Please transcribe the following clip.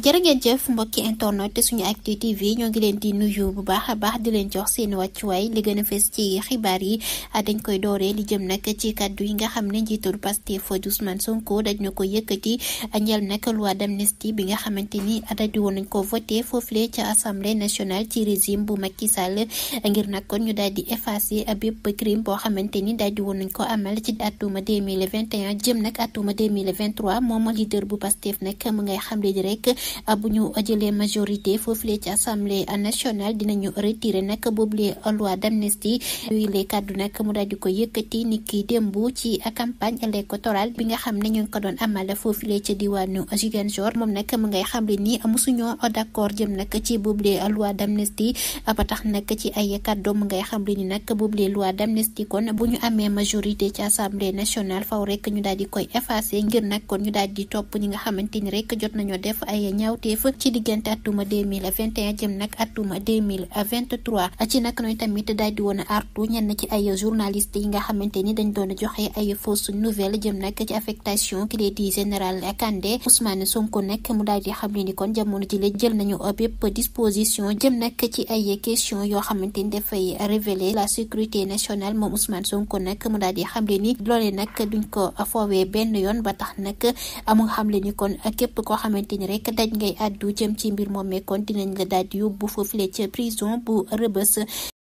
jërë ngeen jëf mbokki internet te suñu actu tv ñoo ngi leen di nuyu bu baax a baax di leen jox seen wàccuwaay li gën a ci xibaar yi dañ koy dooree li jëm nag ci kàddu yi nga xam ne njiitul Pastef Ousmane Sonko daj na ko yëkkati ñeel nag loi d'amnistie bi nga xamante ni daj woon nañ ko voté foofule ca assemblée nationale ci régime bu Macky Sall ngir nag kon ñu daal di effacé bépp boo xamante ni daaj woon nañ ko amal ci atuma 2021 jëm nag atuma 2023 moom leader bu Pastef nag mu ngay xamle di rek. Ah, bu ñu jëlee majorité foofulee ci assemblée nationale dinañu retiré nag boobule loi d'amnistie yuy lee kàddu nag mu daal di ko yëkkati ni ki démb ci campagne électorale bi nga xam ne ñu ko doon amal foofulee ca diwaanu Ziguinchor moom nag mu ngay xamle ni mosuñoo d'accord jëm nag ci boobule loi d'amnistie ah, ba tax nag ci ay kàddu mu ngay xamle ni nag boobule loi d'amnistie kon bu ñu amee majorité ci assemblée nationale faw rekk ñu daal di koy effacer ngir nag kon ñu daal di topp ñi nga xamante ni rek jot nañoo def ay ñaawteef ci diggante atuma 2021 jëm nag atuma 2023 ci nag nooy tamit daal di woon artu ñenn ci ay journaliste yi nga xamante ni dañ doon joxe ay fausse nouvelle jëm nag ci affectation question yoo xamante ni dafay révéler la sécurité nationale moom Ousmane Sonko nag mu daal di xam le ni loolee nag duñ ko foowee benn yoon ba tax nag amu xam le ni kon képp koo xamante ni rek daj rek ngay àddu jëm ci mbir moom mee dinañ la daal di yóbbu foofule ca prison bu rëbës